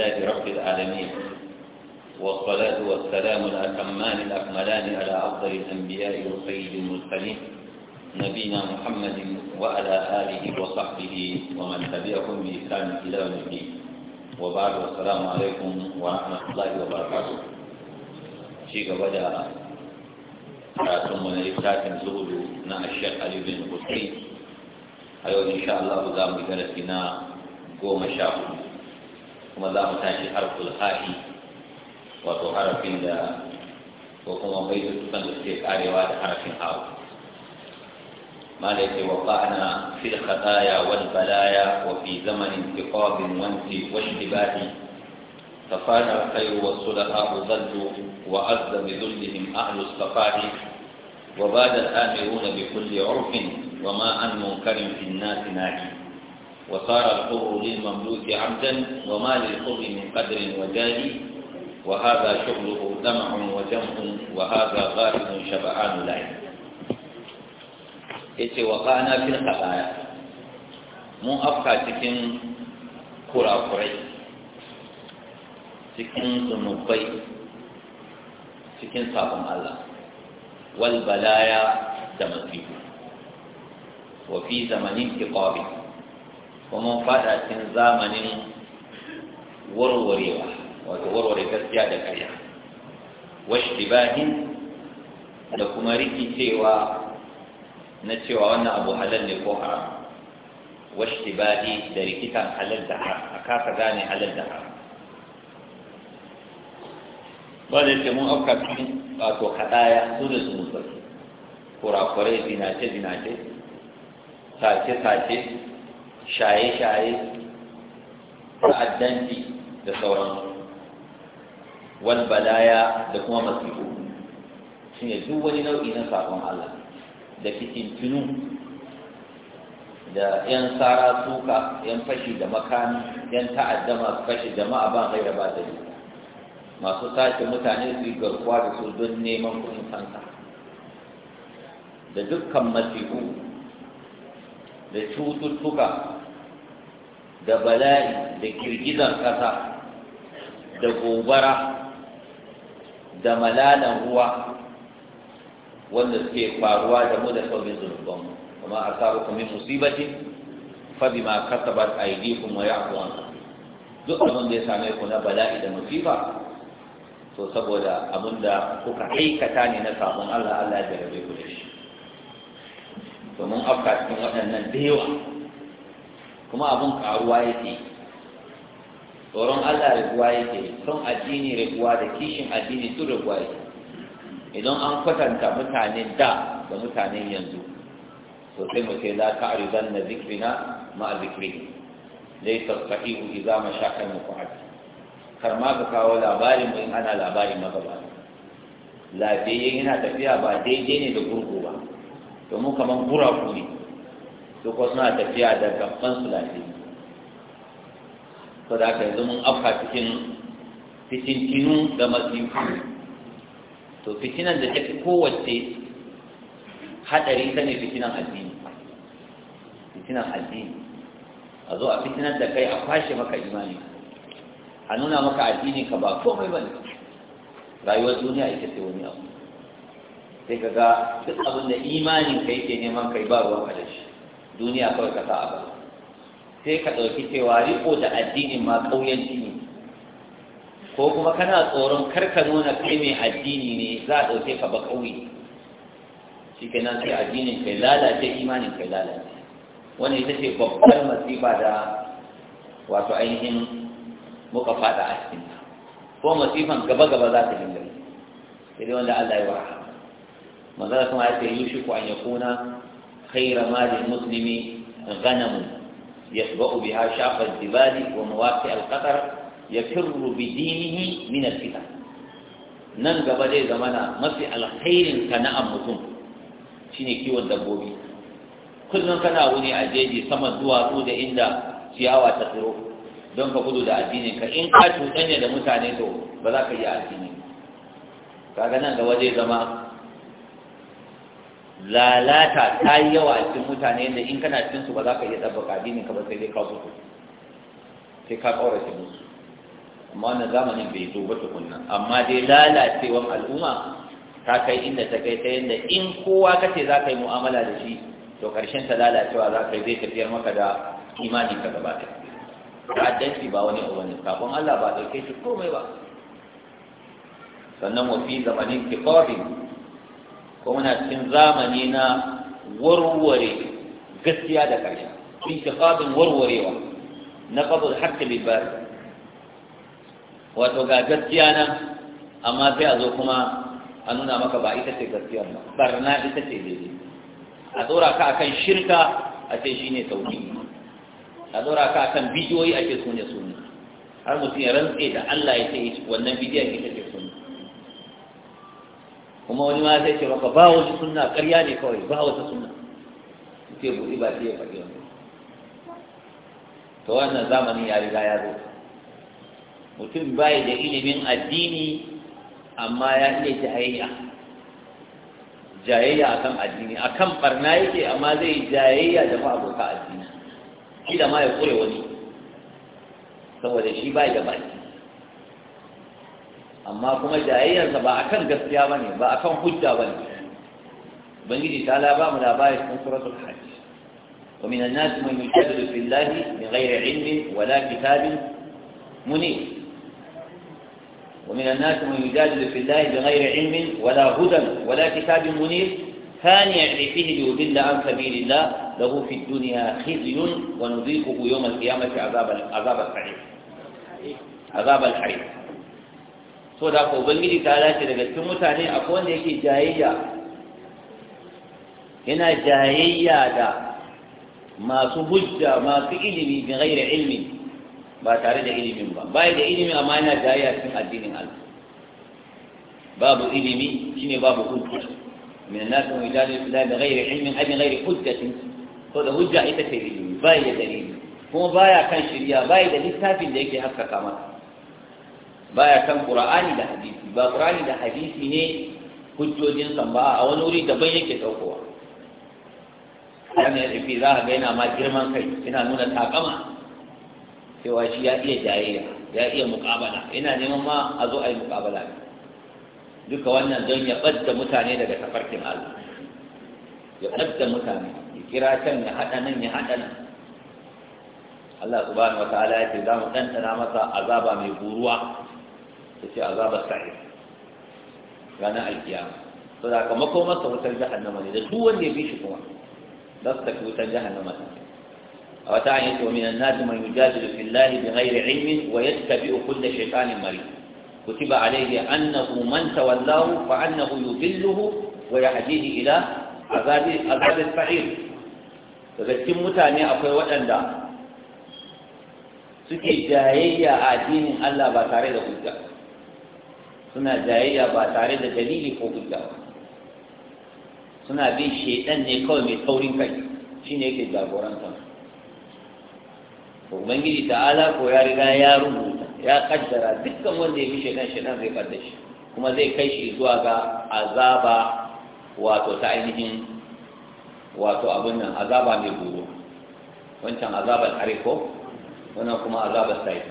لله رب العالمين والصلاة والسلام الأكمان الأكملان على أفضل الأنبياء وسيد المرسلين نبينا محمد وعلى آله وصحبه ومن تبعهم بإحسان إلى يوم الدين وبعد السلام عليكم ورحمة الله وبركاته شيك بدأ ثم na littafin zuhudu na الشيخ علي بن hussein ايوه ان شاء الله بجلسنا mu darasi na kuma za mu tashi harful ha'i wato harafin da ko kuma bai da tukan da suke karewa da harafin hawa malai ce wa fa'ana fil khataya wal balaya wa fi zamanin tiqabin wanti wa الخير والصلحاء ظلوا وعز بذلهم أهل الصفاء وباد الآمرون بكل عرف وما عن منكر في الناس ناهي وصار الحر للمملوك عبدا وما للحر من قدر وجاه وهذا شغله دمع وجمع وهذا غائب شبعان العين ايتي وقعنا في الخطايا مو ابقى تكن كرا قري تكن سنقي تكن صابم الله والبلايا تمثيل وفي زمن انتقابه kuma fada cikin zamanin warwarewa wato warware gaskiya da ƙarya washtibahin da kuma rikicewa na cewa wannan abu halal ne ko haram washtibahi da rikitan halal da haram a kasa gane halal da haram ba da yake mun afka cikin wato kaɗaya su da su mutsatsu kurakurai zinace zinace sace sace shaye-shaye ta'addanci da sauransu Wani balaya da kuma masifu shi ne duk wani nau'i na sabon Allah da fitintinu da yan tsara suka yan fashi da makami yan ta'adda masu fashi jama'a ban haira ba da masu sace mutane su yi garkuwa da su don neman kuɗin fansa da dukkan masifu da cututtuka da bala'i da girgizar ƙasa da gobara da malalan ruwa wanda suke faruwa da mu da saurin zunubanmu kuma a sabu kuma musibati fa bima kasabat aydikum wa ya'fu an duk abin da ya same ku na bala'i da musiba to saboda abin da kuka aikata ne na sabon Allah Allah ya rabe ku da shi domin afka cikin waɗannan da yawa kuma abun karuwa yake tsoron Allah raguwa yake son addini raguwa da kishin addini su raguwa yake idan an kwatanta mutanen da da mutanen yanzu to sai mu ce la ta'ridan na zikrina ma zikri laysa sahihu idza ma shaka muqad kar ma ka kawo labarin mu in ana labarin magaba lafiyayyen yana tafiya ba daidai ne da gurgu ba domin kamar guraku ne Duk ko suna tafiya da gaban su lafiya to da aka yanzu mun afka cikin fitintinu da masifu to fitinan da ta fi kowace hadari ta ne fitinan addini fitinan addini a zo a fitinan da kai a kwashe maka imani a nuna maka addini ka ba komai ba ne rayuwar duniya ita ce wani abu sai ka ga duk abin da imanin ka yake neman kai ba ruwan ka duniya kawai ka sa a gaba sai ka ɗauki cewa riko da addinin ma ƙauyanci ne ko kuma kana tsoron kar ka nuna kai mai addini ne za a ɗauke ka ba ƙauye shi ke nan sai addinin kai lalace imanin kai lalace Wani ita ce babbar masifa da wato ainihin muka fada a cikin ko masifan gaba-gaba za ta dinga sai dai wanda Allah ya wa rahama manzara kuma ya ce yushi ko an yakuna خير مال المسلم غنم يشبع بها شعب الجبال ومواقع القطر يفر بدينه من الفتن nan gaba zai zama na mafi alkhairin sana'ar mutum shine kiwon dabbobi kullum kana wuni a jeji sama zuwa su da inda ciyawa ta tsiro don ka gudu da addinin ka in ka cuɗanya da mutane to ba za ka yi addini kaga nan gaba zai zama lalata ta yi yawa a cikin mutane da in kana cikin su ba za ka iya tsabbaka addinin ka ba sai dai ka su. sai ka kaurace musu amma wannan zamanin bai zo ba tukunna amma dai lalacewan al'umma ta kai inda ta kai ta yadda in kowa ka ce za ka yi mu'amala da shi to karshen ta lalacewa za ka yi zai tafiyar maka da imanin ka gaba Ta ta'addanci ba wani abu ne kafin Allah ba ɗauke shi komai ba sannan mafi zamanin kitabin ko muna cikin zamani na warware gaskiya da ƙarya in shafafin warwarewa na ƙabar haƙƙi libari wato ga gaskiya nan amma sai a zo kuma a nuna maka ba ita ce gaskiya ba barna ita ce daidai a tsora ka akan shirka a ce shi ne tauhidi a tsora ka akan bidiyoyi a ce su ne su ne har mutum ya rantse da Allah ya ce wannan bidiyon ita ce kuma wani ma sai ce maka ba wasu sunna ƙarya ne kawai ba wasu sunna ke buɗi ba sai ya faɗi wani to wannan zamanin ya riga ya zo mutum bai da ilimin addini amma ya iya jayayya jayayya kan addini a kan barna yake amma zai jayayya da ba ma'abokan addini kila ma ya kure wani saboda shi bai da baki amma kuma jayayyarsa ba akan gaskiya bane ba akan hujja bane ubangiji ta la ba mu labari cikin suratul hajj wa min an-nas man yujadilu billahi min ghairi ilmin wala kitabin munir ومن الناس من يجادل في الله بغير علم ولا هدى ولا كتاب منير ثاني عرفه ليضل عن سبيل الله له في الدنيا خزي ونذيقه يوم القيامة عذاب عذاب الحريق عذاب الحريق so da ko ubangiji ta dace daga cikin mutane akwai wanda yake jayayya yana jayayya da masu hujja masu ilimi bi ghairi ilmi ba tare da ilimin ba bai da ilimi amma yana jayayya cikin addinin Allah babu ilimi shine babu hujja min an-nas wa yajadu billahi bi ghairi ilmin abi ghairi hujjatin to da hujja ita ce ilimi bai da dalili kuma baya kan shirya bai da littafin da yake haskaka masa baya san qur'ani da hadisi ba qur'ani da hadisi ne hujjojin san ba a wani wuri daban yake daukowa yana rufi za ka ga yana ma girman kai yana nuna takama cewa shi ya iya jayayya ya iya muƙabala yana neman ma a zo a yi muƙabala duka wannan don ya ɓadda mutane daga tafarkin Allah ya ɓadda mutane ya kira can ya haɗa nan ya haɗa nan Allah subhanahu ta'ala ya ce za mu ɗanɗana masa azaba mai buruwa. ta ce azabar sa'ir ranar alkiyama to da ka makomarsa wutar jahannama ne da duk wanda ya bi shi kuma za su tafi wutar jahannama ta a wata hanyar ce wa minan nasi man yujadilu fillahi bi ghairi ilmin wa yattabi'u kulla shaytanin marid kutiba alayhi annahu man tawallahu fa annahu yudilluhu wa yahdihi ila azabi azabi sa'ir daga cikin mutane akwai waɗanda suke jayayya a addinin Allah ba tare da hujja suna jayayya ba tare da dalili ko hujja ba suna bin shaidan ne kawai mai taurin kai shine yake jagoranta ta ala ko ya riga ya rubuta ya kaddara dukkan wanda ya bi shaidan shaidan zai kadda shi kuma zai kai shi zuwa ga azaba wato ta ainihin wato abin nan azaba mai buru wancan azabar ariko wannan kuma azabar sai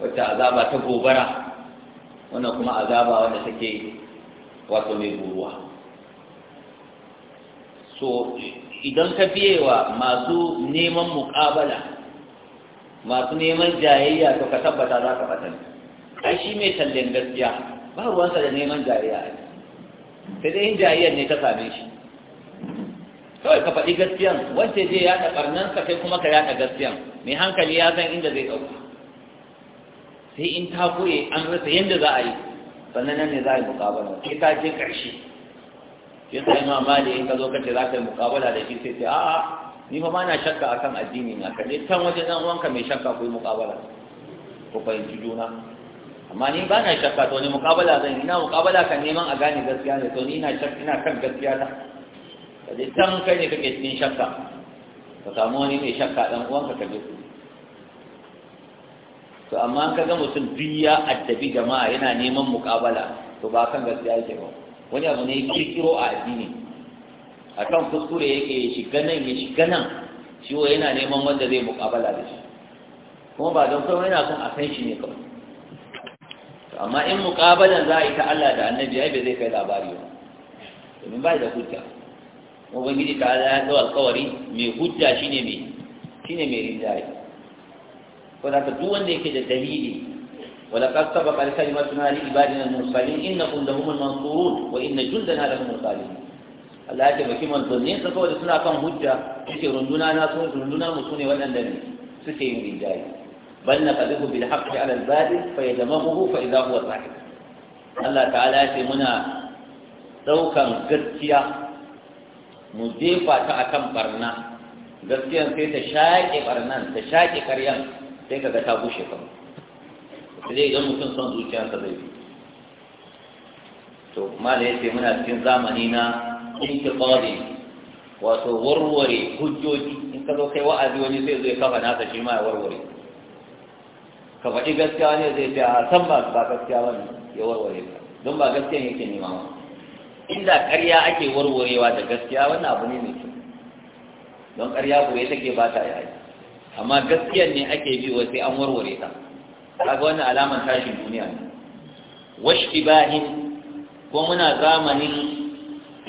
wacce azaba ta gobara wannan kuma azaba wanda take wato mai buruwa. so idan ka biyewa wa masu neman muƙabala masu neman jayayya to ka tabbata za ka fatan ai shi mai tallen gaskiya ba ruwansa da neman jayayya sai dai yin jayayyar ne ta same shi kawai ka faɗi gaskiyan wacce zai yaɗa ɓarnansa kai kuma ka yaɗa gaskiyan mai hankali ya san inda zai ɗauka sai in ta koye an rasa yadda za a yi sannan nan ne za a yi mukabala sai ta je ƙarshe sai ta yi mamali in ka zo kace za ka yi mukabala da shi sai ce a'a ni fa na shakka akan addini na ka ne can waje dan wanka mai shakka ko mukabala ko fahimci juna amma ni ba na shakka to ni mukabala zan ina mukabala kan neman a gane gaskiya ne to ni ina shakka ina kan gaskiya ta ka je can kai ne kake cikin shakka ka samu wani mai shakka dan uwanka ka je to amma ka ga mutum duk ya addabi jama'a yana neman muƙabala to ba kan gaskiya yake ba wani abu ne kirkiro a addini kan kuskure yake shiga nan ya shiga nan shi yana neman wanda zai muƙabala da shi kuma ba don kawai yana son a san shi ne kawai amma in muƙabalan za a yi ta Allah da annabi ai bai zai kai labari ba domin ba da hujja ubangiji ta ya zo alƙawari mai hujja shine mai shine mai rinjaye ko da duk wanda yake da dalili ولقد سبقت كلمتنا لعبادنا المرسلين انكم لهم المنصورون وان جندنا لهم الغالبون Allah ya ce taimaki manzannin sa kawai da suna kan hujja suke runduna na sun runduna mu sune waɗanda ne suke yin rinjaye bal na qadihu bil haqqi ala al batil fa yadamahu fa idha huwa sahib Allah ta'ala ya ce muna daukan gaskiya mu jefa ta akan barna gaskiyan sai ta shaƙe barnan ta shaƙe karyan sai kaga ta bushe kawai sai idan mutum son zuciyarsa zai bi to mala yace muna cikin zamani na intiqadi wato warware hujjoji in ka zo kai wa'azi wani sai zai kafa nasa shi ma ya warware ka faɗi gaskiya ne zai ce a san ba ba gaskiya ba ya warware ka don ba gaskiya yake nema ma inda ƙarya ake warwarewa da gaskiya wannan abu ne mai kyau don ƙarya goye take ba ta yi amma gaskiyar ne ake bi wa sai an warware ta kaga wannan alaman tashin duniya ne Washi washtibahin ko muna zamanin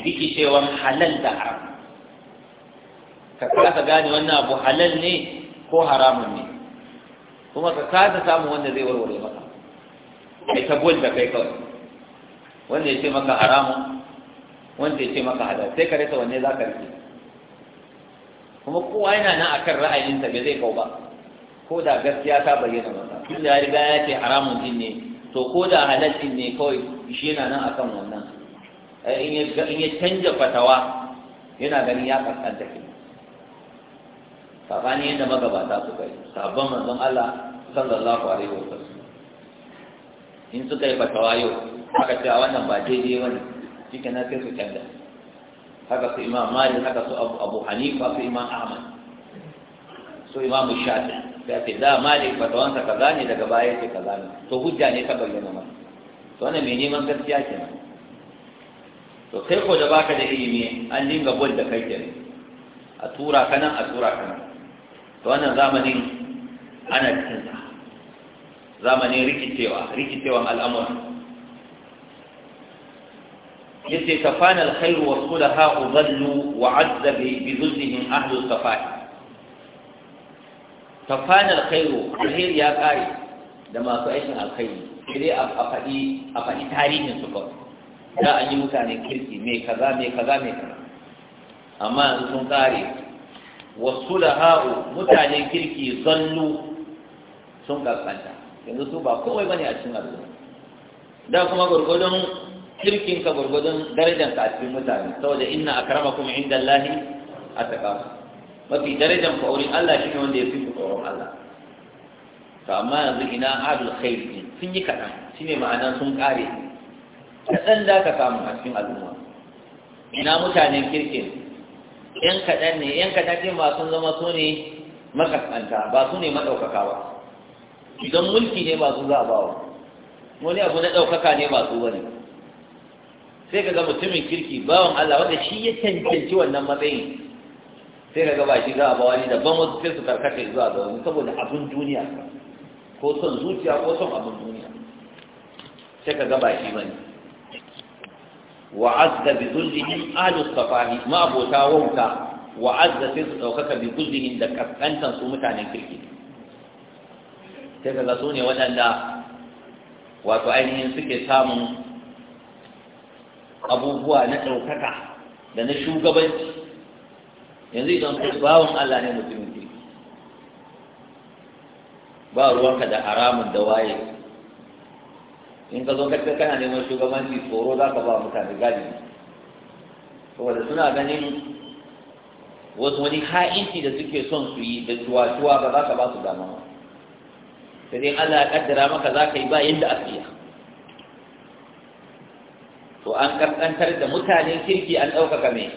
rikicewar halal da haram ka kasa gane wannan abu halal ne ko haramun ne kuma ka kasa samun wanda zai warware maka kai ta bol da kai kawai wanda ya ce maka haramun wanda ya ce maka halal sai ka rasa wanne za ka rike kuma kowa yana nan akan ra'ayinsa bai zai kau ba ko da gaskiya ta bayyana masa tun da ya riga ya ce haramun jin ne to ko da halaccin ne kawai shi yana nan akan wannan eh, in ya canja fatawa yana ganin ya kaskanta ke sabani yadda magabata suka yi sabon manzon Allah sallallahu alaihi wasallam in suka yi fatawa yau aka ce a wannan ba daidai wani cikin na sai su canja haka su imam mali haka su abu hanifa su imam ahmad su imam shafi ya ce da malik fatawansa kaza ne daga baya ce kaza ne to hujja ne ta bayyana mana to wannan mai neman gaskiya nan? to kai ko da baka da ilimi an dinga bol da kai ke a tura ka nan a tura ka nan to wannan zamanin ana cikin zamanin rikicewa rikicewan al'amuran yace kafana alkhairu wa sulaha udallu wa azza bi dhullihim ahlul kafai kafana alkhairu alkhair ya kare da masu aikin alkhairi sai dai a faɗi a faɗi tarihin su da an yi mutane kirki mai kaza mai kaza mai kaza amma yanzu sun kare wasu laha'u mutanen kirki zallu sun kaskanta yanzu su ba kowai bane a cikin al'umma da kuma gurgurdun kirkin ka gurgudun darajar ka a cikin mutane saboda inna akramakum indallahi atqakum mafi darajar ku aurin Allah shine wanda ya fi ku tsoron Allah to amma yanzu ina adul khair din sun yi kaɗan shine ma'anan sun kare kaɗan da ka samu a cikin al'umma ina mutanen kirkin yan kaɗan ne yan kaɗan ɗin ba sun zama su ne makaskanta ba su ne maɗaukaka ba idan mulki ne ba su za a bawa wani abu na ɗaukaka ne ba su bane sai ka ga mutumin kirki bawan Allah wanda shi ya cancanci wannan matsayin sai ka ga ba shi za a ba wani daban wasu sai su karkata zuwa ga wani saboda abin duniya ko son zuciya ko son abin duniya sai ka ga ba shi bane wa azza bi dhullihim ahlu safahi ma abota wauta wa'azza sai su daukaka bi dhullihim da kaskantan su mutanen kirki sai ka ga su ne waɗanda wato ainihin suke samun abubuwa na ɗaukaka da na shugabanci yanzu idan kai bawan Allah ne mutumin ke ba ruwanka da haramun da waye in ka zo ka kana neman shugabanci tsoro za ka ba mutane gadi saboda suna ganin wasu wani ha'inci da suke son su yi da tuwa-tuwa ba za ka ba su dama sai dai Allah ya kaddara maka za ka yi ba yadda a tsiya to an karkantar da mutanen kirki an ɗaukaka mai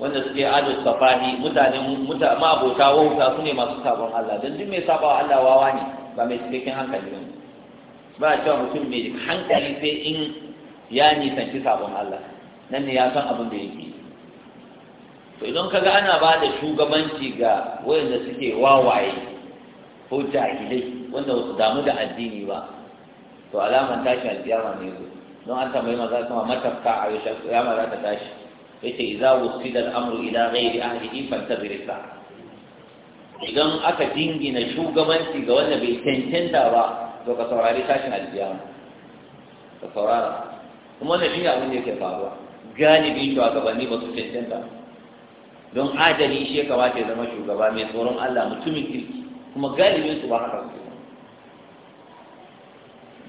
wanda suke adu safahi mutanen ma'abota wauta su ne masu sabon Allah don duk mai sabawa Allah wawa ne ba mai cikakken hankali ba ba a cewa mutum mai hankali sai in ya nisanci sabon Allah nan ne ya san abin da yake to idan kaga ana ba da shugabanci ga wayanda suke wawaye ko jahilai wanda ba su damu da addini ba to alamar tashi alkiyama ne su. don an tambayi maza kuma matafka a yau ya maza ta tashi yace idza wusida al-amru ila ghairi ahlihi ta birisa. idan aka dingina shugabanci ga wanda bai cancanta ba to ka saurari tashin aljiyama ka saurara kuma wannan shi abin da yake faruwa galibin shugabanni ba su cancanta don adali shi ya kamata ya zama shugaba mai tsoron Allah mutumin kirki kuma galibin su ba haka su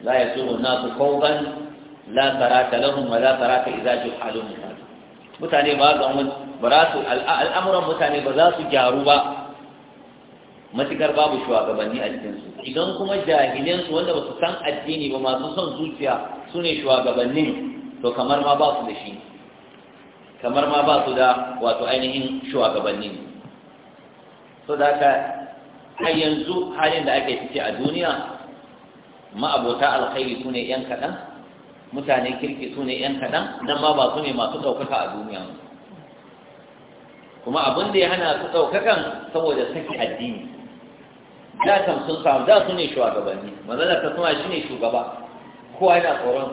la yasumu nasu qawlan la sarata lahum wa la sarata idza juhalun mutane ba ga mun ba za su al'amuran mutane ba za su gyaru ba matukar babu shugabanni a cikin su idan kuma jahilin su wanda ba su san addini ba masu son zuciya sune shugabannin to kamar ma ba su da shi kamar ma ba su da wato ainihin shugabanni so da ka har yanzu halin da ake ciki a duniya ma'abota alkhairi su ne 'yan kaɗan mutane kirki su ne ‘yan kaɗan nan ma ba su ne masu ɗaukaka a duniya kuma abin da ya hana su ɗaukakan saboda saki addini da kam sun samu da su ne shugabanni manzana ta suna shi ne shugaba kowa yana tsoron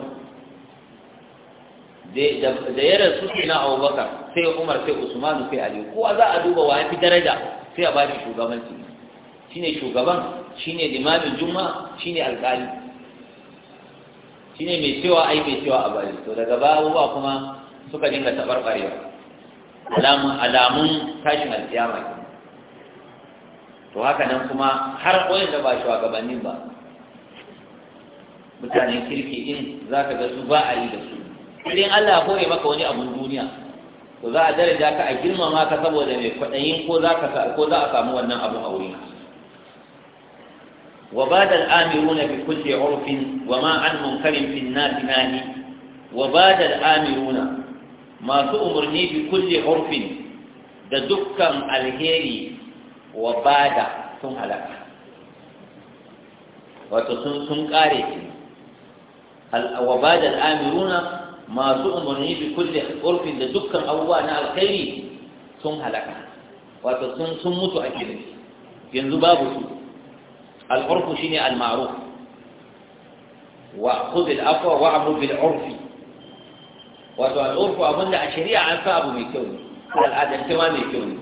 da ya rasu ke na abubakar sai umar sai usmanu sai ali kowa za a duba wa ya fi daraja sai a ba shi shugabanci shine shugaban shine limamin juma'a shine alƙali shine mai cewa ai mai cewa a bari to daga ba abubuwa kuma suka dinga taɓarɓarewa, alamun alamun tashin alkiyama to haka nan kuma har koyin da ba shugabannin ba mutanen kirki in za ka ga su ba a yi da su idan Allah kore maka wani abun duniya to za a daraja ka a girmama ka saboda mai kwaɗayin ko za a samu wannan abun a wurin وباد الآمرون بكل عرف وما عن منكر في الناس ناهي وباد الآمرون ما تؤمرني بكل عرف da dukkan alheri wa bada sun halaka wato sun sun kare ki wa bada al'amiruna masu umarni bi kulli urfin da dukkan abubuwa na alkhairi sun halaka sun mutu a kirin yanzu babu su al'urfu shine al-ma'ruf wa khudh al 'urfi wato al'urfu abinda a shari'a an sa abu mai kyau ne al'adance ma mai kyau ne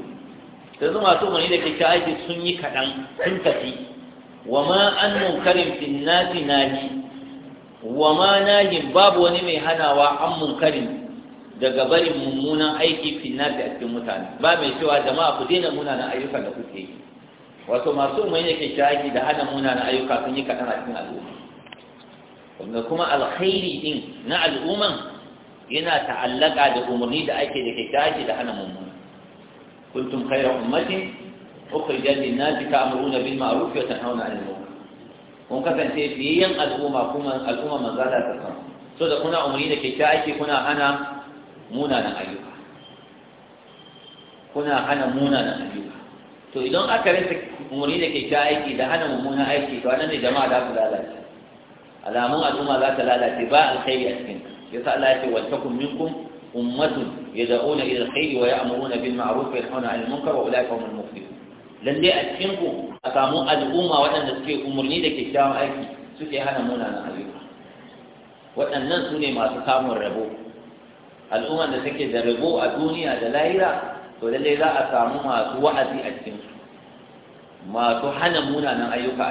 da zuma so mani da kake aiki sun yi kaɗan sun tafi wa ma an wa ma babu wani mai hanawa an munkarin daga barin mummunan aiki fi nasi a cikin mutane ba mai cewa jama'a ku daina munanan ayyukan da kuke yi wato masu umarni ke shagi da hana munana ayyuka sun yi kaɗan a cikin al'umma wanda kuma alkhairi din na al'umman yana ta'allaka da umarni da ake da ke shagi da hana mummuna kuntum khayra ummatin ukhrijat lin-nasi ta'muruna bil ma'ruf wa tanhauna 'anil al'umma, kun kasance biyayyan al'umma kuma al'umma manzo da ta san so da kuna umarni da ke shagi kuna hana munanan ayyuka kuna hana munanan ayyuka to idan aka rasa umarni da ke kyakkyawan aiki da hana mummunan aiki to anan ne jama'a za su lalace alamun al'umma za ta lalace ba alkhairi a cikin ya sa Allah ya ce wattakum minkum ummatun yad'una ila alkhairi wa ya'muruna bil ma'ruf wa yanhauna 'anil munkar wa ulaika humul muflihun lalle a cikin ku a samu al'umma waɗanda suke umarni da kyakkyawan aiki suke hana munanan ayyuka waɗannan su ne masu samun rabo al'umman da take da rabo a duniya da lahira to lalle za a samu masu wa'azi a cikin su masu hana munanan ayyuka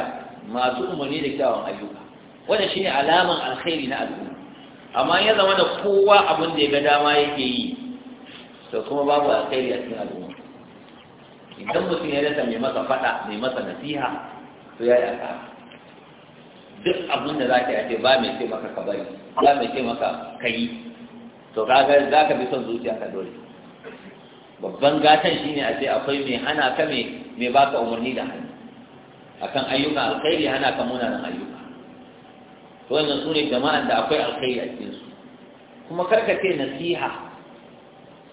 masu umarni da kyawun ayyuka wannan shine alaman alkhairi na al'umma amma ya zama da kowa abin da ya ga dama yake yi to kuma babu alkhairi a cikin al'umma idan mutum ya rasa mai masa fada mai masa nasiha to ya yi asara duk abin da za ka yi ba mai ce maka ka bari ba mai ce maka ka yi to kaga za ka bi son zuciya ka dole babban gatan shine a ce akwai mai hana ka mai mai baka umarni da hannu akan ayyuka alkhairi hana ka da ayyuka to wannan sune jama'an da akwai alkhairi a cikin su kuma karka ce nasiha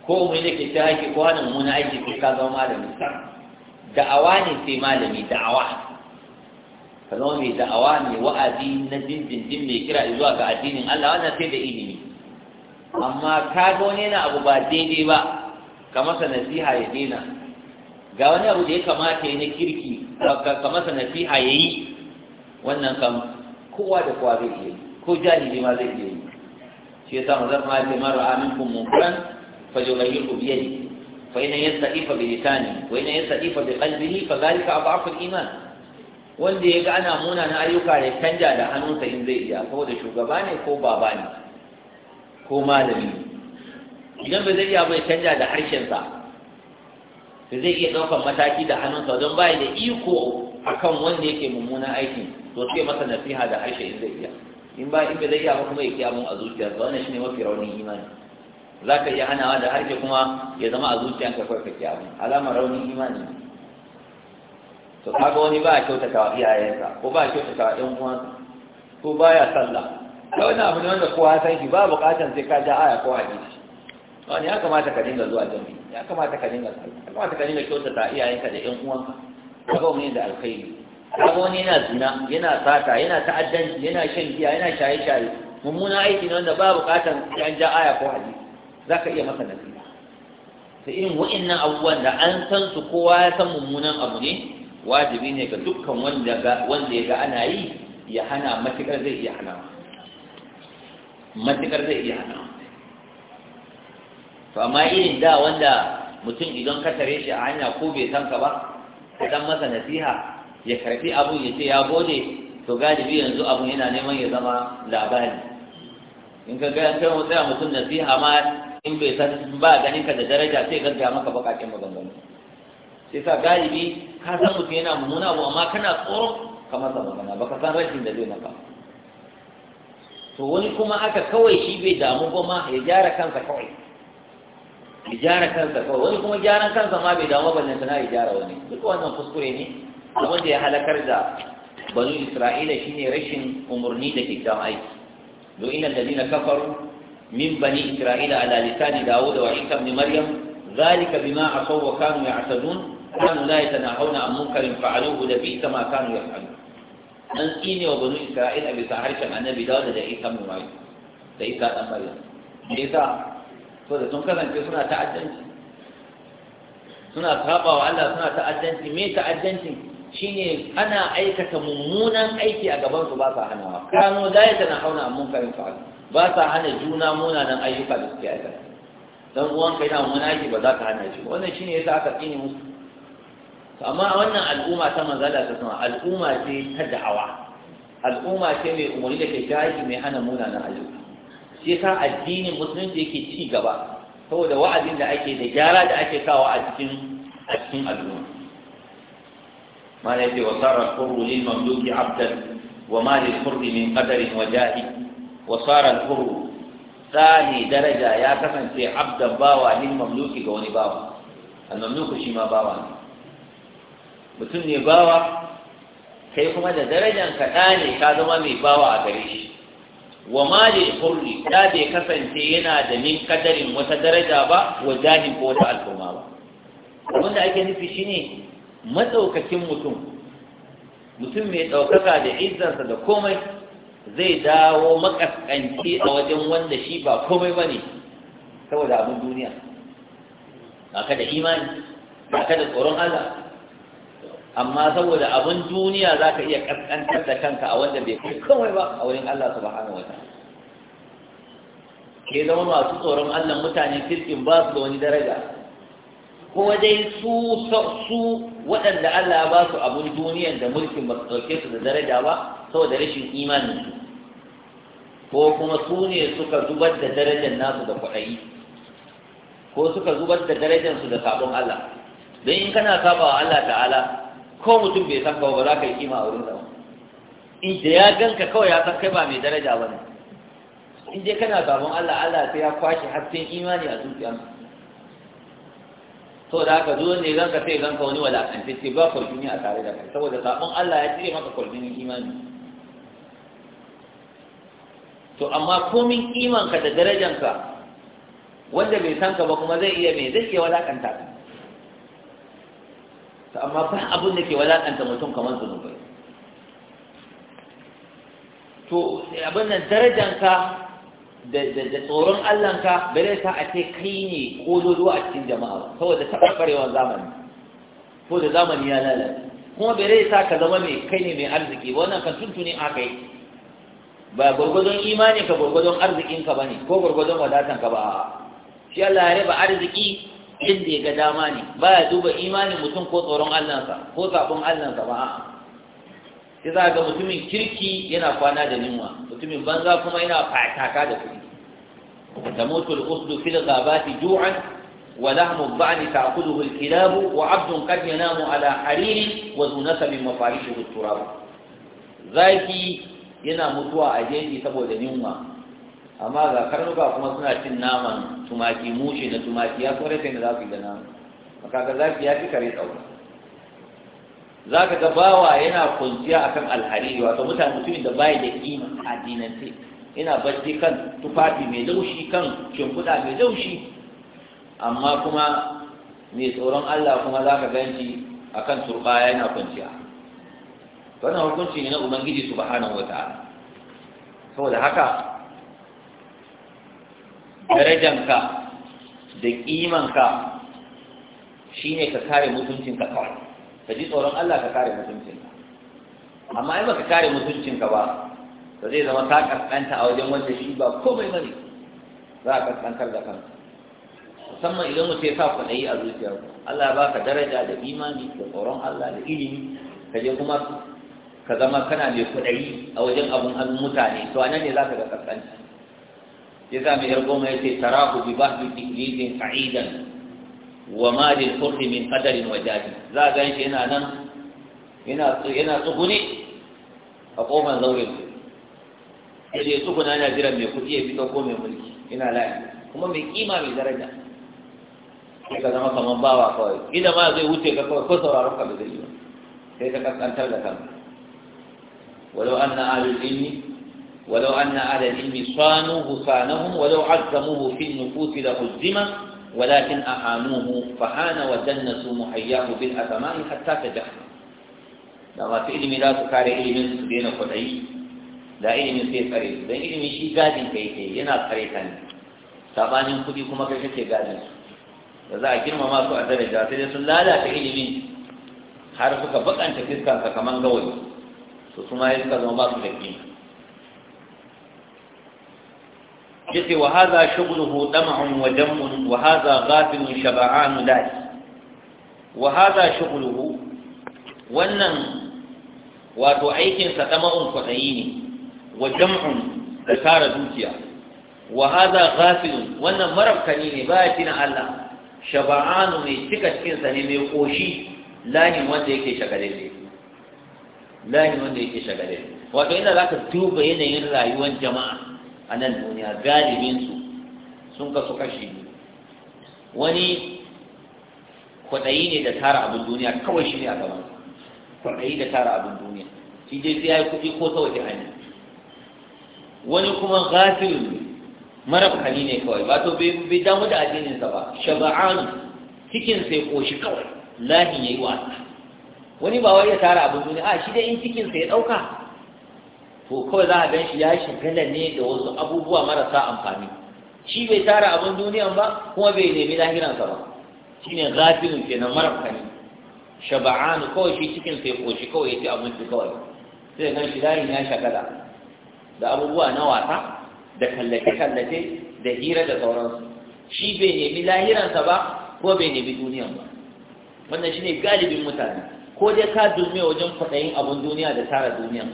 ko mu ne ke ta haƙi ko hana mu na aiki ko ka zama malami da'awa ne sai malami da'awa ka zama mai da'awa mai wa'azi na jinjin mai kira zuwa ga addinin Allah wannan sai da ilimi amma ka gone na abu ba daidai ba ka masa nasiha ya dena ga wani abu da ya kamata ya na kirki ka masa nasiha ya yi wannan kam kowa da kowa zai iya yi ko jahili ma zai iya yi shi yasa mazar ma ce mara aminkum munkuran fajughayyihu bi yadihi fa in Fa bi lisani wa in yastaifa bi qalbihi fa zalika adhafu al-iman wanda ya ga ana munana ayyuka ya canja da hannunsa in zai iya saboda shugaba ne ko baba ne ko malami idan ba zai iya bai canja da harshensa da zai iya ɗaukar mataki da hannunsa don bai da iko a kan wanda yake mummunan aikin to sai masa nasiha da harshe in zai iya in ba in ba zai iya kuma ya kiyamun a ba wannan shine mafi raunin imani za ka iya hanawa da harshe kuma ya zama a ka kawai ka kiyamun alamar raunin imani to kaga wani ba a kyautata wa iyayensa ko ba a kyautata wa ɗan uwansa ko ba ya sallah kawai na abu ne wanda kowa san shi ba bukatan sai ka ja aya ko hadisi wani ya kamata ka dinga zuwa jami'i ya kamata ka dinga ya kamata ka dinga kyautata iyayenka da ƴan uwanka kaga wani da alkhairi kaga wani yana zina yana sata yana ta'addanci yana shan giya yana shaye-shaye mummuna aiki ne wanda ba buƙatar an ja aya ko hadisi zaka iya masa nasiha sai irin wa'annan abubuwan da an san su kowa ya san mummunan abu ne wajibi ne ga dukkan wanda ga, wanda ya ga ana yi ya hana matukar zai iya hana matukar zai iya hana to amma irin da wanda mutum idan ka tare shi a hanya ko bai san ka ba ka dan masa nasiha ya karfi abun ya ce ya gode to galibi yanzu abun yana neman ya zama labari in ka ga kai mutum mutum nasiha ma in bai san ba ganin ka da daraja sai ka ga maka bakakin maganganu sai sa galibi ka san mutum yana mummuna abu amma kana tsoro ka masa magana baka san rashin da zai maka to wani kuma aka kawai shi bai damu ba ma ya gyara kansa kawai ya gyara kansa kawai wani kuma gyaran kansa ma bai damu ba na ya gyara wani duk wannan kuskure ne abin ya halakar da banu isra'ila shine rashin umarni da kyakkyawan aiki do ina da ladina kafaru min bani isra'ila ala lisani dawud wa isa ibn maryam zalika bima asaw wa kanu ya'tadun kanu la yatanahawna an munkarin fa'aluhu da bi'sa ma kanu yaf'alun an tsine wa banu isra'ila bisa harshen annabi dawud da isa ibn maryam da isa ibn maryam so da sun kasance suna ta'addanci suna saba wa Allah suna ta'addanci me ta'addanci shine ana aikata mummunan aiki a gaban su ba sa hanawa kano dai tana hauna mun kai fa ba sa hana juna munanan ayyuka da suke aikata dan uwan kai na munaki ba za ka hana shi wannan shine yasa aka tsine musu amma a wannan al'umma ta manzala ta sama al'umma ce ta da'awa al'umma ce mai umarni da ke jaji mai hana munanan ayyuka shi yasa addinin musulunci yake ci gaba saboda wa'azin da ake da gyara da ake kawo a cikin a cikin al'umma ma ne ce wa sara qurru lil mamluki abdan wa ma lil qurri min qadarin wa jahi wa sara qurru tsani daraja ya kasance abdan bawa lil mamluki ga wani bawa al mamluku shi ma bawa ne mutum ne bawa kai kuma da darajan ka ɗane ka zama mai bawa a gare shi wa malil hurri da bai kasance yana da min kadarin wata daraja ba wa jahin ko wata al'umma ba abin ake nufi shine matsaukakin mutum mutum mai ɗaukaka da izzarsa da komai zai dawo makaskanci a wajen wanda shi ba komai ba ne saboda abin duniya ba ka da imani ba ka da tsoron Allah amma saboda abin duniya za ka iya ƙasƙantar da kanka a wanda bai kai kawai ba a wurin Allah subhanahu wa ta'ala ke zama masu tsoron Allah mutane kirkin ba su da wani daraja ko dai su su waɗanda Allah ya ba su abin duniyan da mulkin ba su ɗauke su da daraja ba saboda rashin imanin su ko kuma su ne suka zubar da darajar nasu da kwaɗayi ko suka zubar da darajar su da sabon Allah don in kana saba wa Allah ta'ala ko mutum bai san kawai ba za ka yi kima a wurin ba in da ya ganka kawai ya san kai ba mai daraja ba ne in dai kana sabon Allah Allah sai ya kwashe hasken imani a zuciya to da haka zuwa ne ganka sai ganka wani walakantacce ba kwalfini a tare da kai saboda sabon Allah ya cire maka kwalfinin imani to amma komin imanka da darajanka wanda bai san ka ba kuma zai iya mai zai iya walakanta ka amma ba abin da ke walakanta mutum kamar zunubai to abin nan darajanka da tsoron allanka bai zai sa a ce kai ne ko kololo a cikin jama'a ba. saboda taɓarɓarewar zamani ko da zamani ya lalata. kuma bai zai sa ka zama mai kai ne mai arziki wannan kan tuntuni aka yi ba gwargwadon imani ka gwargwadon arzikinka ba ne ko gwargwadon wadatanka ba shi Allah ya raba arziki inda ya ga dama ne baya duba imanin mutum ko tsoron allansa, ko zafin Allahnsa ba a'a sai za ga mutumin kirki yana kwana da ninwa, mutumin banza kuma yana fataka da kuɗi da mutul usdu fil ghabati ju'an wa lahmu ba'ni ta'kuluhu al-kilab wa 'abdun qad yanamu ala haririn wa zunasa min mafarishihi turab zaki yana mutuwa a jeji saboda ninwa. amma ga karnuka kuma suna cin naman tumaki mushe na tumaki ya kore sai ne za su yi da nama. kaga zaki ya fi kare tsawon za ka ga bawa yana kwanciya kan alhariri wato mutane mutumin da bayi da kima a dinance yana bacci kan tufafi mai laushi kan shimfiɗa mai laushi amma kuma mai tsoron Allah kuma za ka ganci kan turba yana kwanciya wannan hukunci ne na ubangiji subhanahu wata saboda haka darajanka da ƙimanka shine ka kare mutuncinka kawai ka ji tsoron Allah ka kare mutuncinka amma in baka kare mutuncinka ba ba zai zama ka kaskanta a wajen wanda shi ba komai bane za ka kaskantar da kanka musamman idan mutum ya sa kwaɗayi a zuciyar Allah ya baka daraja da imani da tsoron Allah da ilimi ka je kuma ka zama kana mai kwaɗayi a wajen abun mutane to anan ne za ka ga kaskanci ya sami yar goma ya ce tarahu bi bahri tihlidin sa'idan wa madil furhi wa jadi za ga shi yana nan yana yana tsugune a kofar zaure sai ya tsuguna yana jiran mai kuɗi ya fito ko mai mulki yana layi kuma mai kima mai daraja sai ka zama kamar bawa kawai idan ma zai wuce ka kawai ko sauraron ka da zai yi ba sai ka kaskantar da kanka an na أهل العلم ولو أن أهل العلم صانوه صانهم ولو عزموه في النفوس لهزم ولكن أهانوه فهان وجنسوا محياه بالأثمان حتى تجهم لما في علم لا تكار علم بين قدعي لا علم في قريب لأن علم شيء قادم كيكي ينا قريتان sabanin kuɗi kuma kai kake gadin su da za a girmama su a daraja sai dai sun lalata ilimin har suka bakanta fiskansa kamar gawayi su kuma ya suka zama ba su da kima yace wa hadha shughluhu dam'un wa dam'un wa hadha ghafilun shaba'an lais wa hadha shughluhu wannan wato aikin sa dam'un kwadayi ne wa dam'un da tara dukiya wa hadha ghafilun wannan marabkani ne ba tina Allah shaba'an ne cika cikin sa ne mai koshi lani wanda yake shagalele lani wanda yake shagalele wato ina zaka duba yanayin rayuwar jama'a a nan duniya galibinsu sun kasu kashi wani kwaɗayi ne da tara abin duniya kawai shi ne a gaban kwaɗayi da tara abin duniya shi dai sai ya yi kuɗi ko ta waje hanya wani kuma gafirin marabkani ne kawai ba to bai damu da addininsa ba shaba'an cikin sai koshi kawai lahin ya yi wasa wani ba wai ya tara abin duniya a shi dai in cikinsa ya ɗauka ko kawai za a gan shi ya shagala ne da wasu abubuwa marasa amfani shi bai tara abin duniyan ba kuma bai nemi lahiransa ba Shi shine ghafilun kenan marar kani shaba'anu kawai shi cikin sai koshi kawai ya ci abinci kawai sai gan shi layin ya shagala da abubuwa na wasa da kallace-kallace da hira da sauransu shi bai nemi lahiransa ba ko bai nemi duniyan ba wannan shi ne galibin mutane ko dai ka dume wajen faɗayin abin duniya da tara duniyan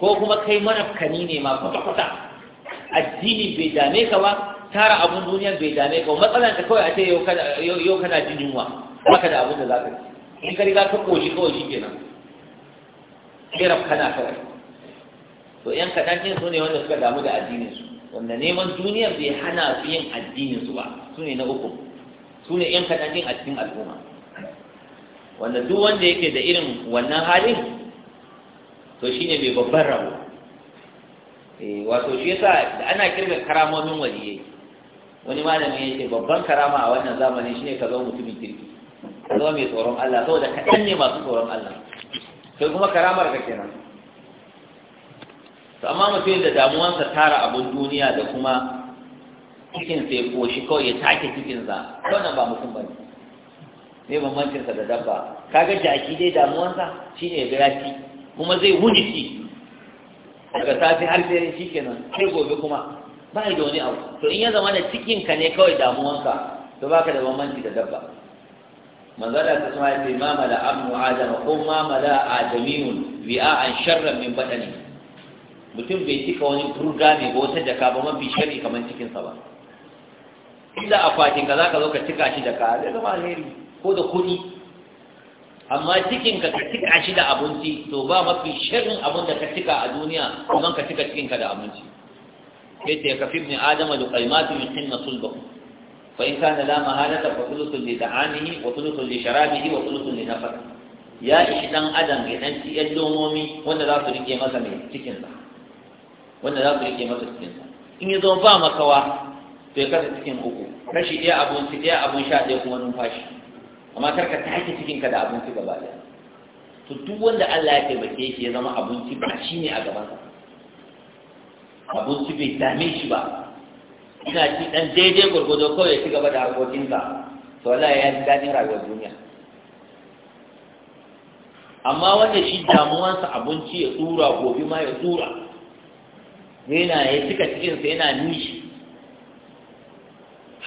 ko kuma kai marafkani ne ma kwata-kwata addini bai dame ka ba tara abun duniya bai dame ka matsalan ta kawai a ce yau kana jin yunwa baka da abun da za ka ci in ka riga ka koshi kawai shi kenan kiraf kana kawai to yan kaɗan ɗin su ne wanda suka damu da addinin su wanda neman duniyar bai hana su yin addinin su ba su ne na uku su ne yan kaɗan ɗin a al'umma wanda duk wanda yake da irin wannan halin to ne mai babban rabo eh, wato shi yasa da ana kirga karamomin waliyai wani malami ya ce babban karama a wannan zamani shine ka zama mutumin kirki ka zama mai tsoron Allah saboda kaɗan ne masu tsoron Allah Kai kuma karamar ka kenan to amma mutum da damuwansa tara abun duniya da kuma cikin sai koshi kawai ya take cikinsa wannan ba mutum bane ne sa da dabba kaga jaki dai damuwansa shine ya ga kuma zai wuni shi daga safe har sai shi kenan sai gobe kuma ba da wani abu to in ya zama da ka ne kawai damuwanka to baka da bambanci da dabba Manzara ta sama ya ce ma mala adam ko ma mala adamiyun an sharra min badani mutum bai cika wani burga ne ko wata jaka ba mafi shari kamar cikinsa ba inda akwatin ka zaka zo ka cika shi jaka zai zama alheri ko da kuɗi amma cikin ka tika shi da abinci to ba mafi shirin abun da ka tika a duniya kuma ka tika cikin ka da abinci sai ta kafi ibn adam da qaimatu min hinna sulba fa in kana la mahalata fa thuluthu li da'amihi wa thuluthu li sharabihi wa thuluthu li nafar ya ishi dan adam ya dan ci yan domomi wanda za su rike masa mai cikin sa wanda za su rike masa cikin sa in ya zama ba makawa to ya kasa cikin uku kashi ɗaya abun ɗaya abin sha ɗaya kuma numfashi amma kar ka take cikin ka da abinci gaba ɗaya to duk wanda Allah ya taimake shi ya zama abinci ba shi ne a gaban sa abinci bai dame shi ba ina ci dan daidai gwargwado kawai ya ci gaba da harkokinsa to Allah ya ji daɗin rayuwar duniya amma wanda shi damuwansa abinci ya tsura gobe ma ya tsura yana ya cika cikinsa yana nishi